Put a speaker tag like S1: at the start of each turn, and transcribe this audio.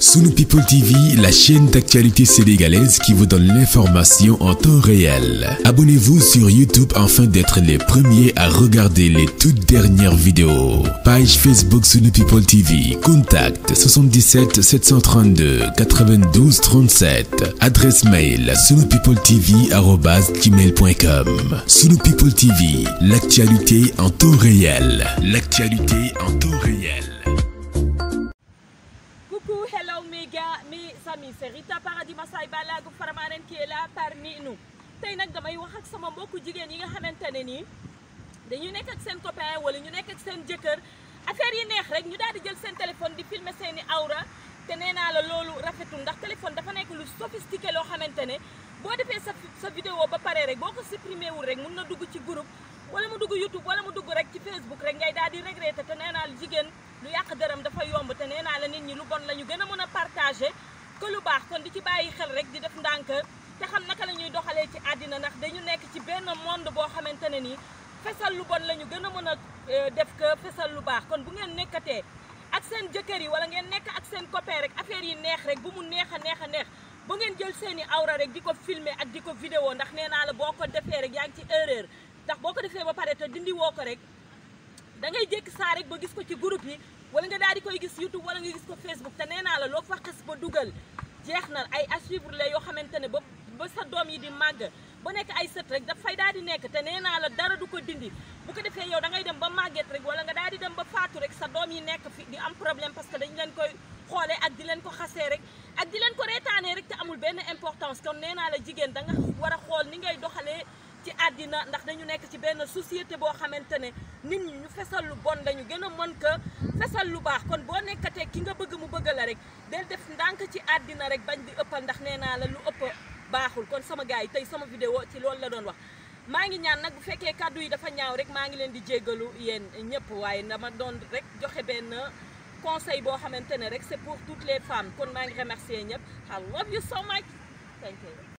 S1: Sunu People TV, la chaîne d'actualité sénégalaise qui vous donne l'information en temps réel. Abonnez-vous sur YouTube afin d'être les premiers à regarder les toutes dernières vidéos. Page Facebook Sunu People TV, contact 77 732 92 37, adresse mail sunupeopletv@gmail.com. Sunu People TV, l'actualité en temps réel. L'actualité en temps réel.
S2: mi ga mi sami c'est Rita Paradis Massay Balago Farmanen qui est là parmi nous tey nag damay wax ak sama mbokku jigéen yi nga xamante ne nii dañu nekk ak seen copain wala ñu nekk ak seen jëkkër affaire yi neex rek ñu daal di jël seen téléphone di filmer seeni awra te nee naa la loolu rafetul ndax téléphone dafa nekk lu sophistiqué loo xamante ne boo defee sa sa vidéo ba pare rek boo ko supprimer wul rek mun na dugg ci group wala mu dugg YouTube wala mu dugg rek ci Facebook rek ngay di regretter te nee jigéen lu yàq dërëm dafa yomb te nee naa la nit ñi lu bon la gën a mën a partager que lu baax kon di ci bàyyi xel rek di def ndànk te xam naka la ñuy doxalee ci àddina ndax dañu nekk ci benn monde boo xamante ne nii fesal lu bon la ñu gën a mën a euh, def que fesal lu baax kon bu ngeen nekkatee ak seen jëkkër yi wala ngeen nekk ak seen copain rek affaire yi neex rek bu mu neex a neex a neex ba ngeen jël seen i awra rek di ko filme ak di ko vidéo ndax nee naa la boo ko defee rek yaa ngi ci erreur ndax boo ko defee ba pare te dindi woo ko rek da ngay jékki saa rek ba gis ko ci groupe yi wala nga daal di koy gis YouTube wala nga gis ko Facebook te nee naa la loo fa xas ba dugal jeex na ay à suivre la yoo xamante ne ba ba sa doom yi di màgg ba nekk ay sët rek dafay daal di nekk te nee naa la dara du ko dindi bu ko defee yow da dem ba màgget rek wala nga daal di dem ba faatu rek sa doom yi nekk fi di am problème parce que dañu leen koy xoolee ak di leen ko xasee rek ak di leen ko reetaanee rek te amul benn importance kon nee naa la jigéen da nga war a xool ni ngay doxalee ci àddina ndax dañu nekk ci benn société boo xamante ne nit ñi ñu fesal lu bon dañu gën a mën ko fesal lu baax kon boo nekkatee ki nga bëgg mu bëgg la rek de def ndànk ci àddina rek bañ bi ëppal ndax nee naa la lu ëpp baaxul kon sama gars yi tey sama vidéo ci loolu la doon wax maa ngi ñaan nag bu fekkee kàddu yi dafa ñaaw rek maa ngi leen di jéggalu yéen ñëpp waaye dama doon rek joxe benn conseil boo xamante ne rek c'est pour toutes les femmes kon maa ngi remercier ñëpp I love you so much thank you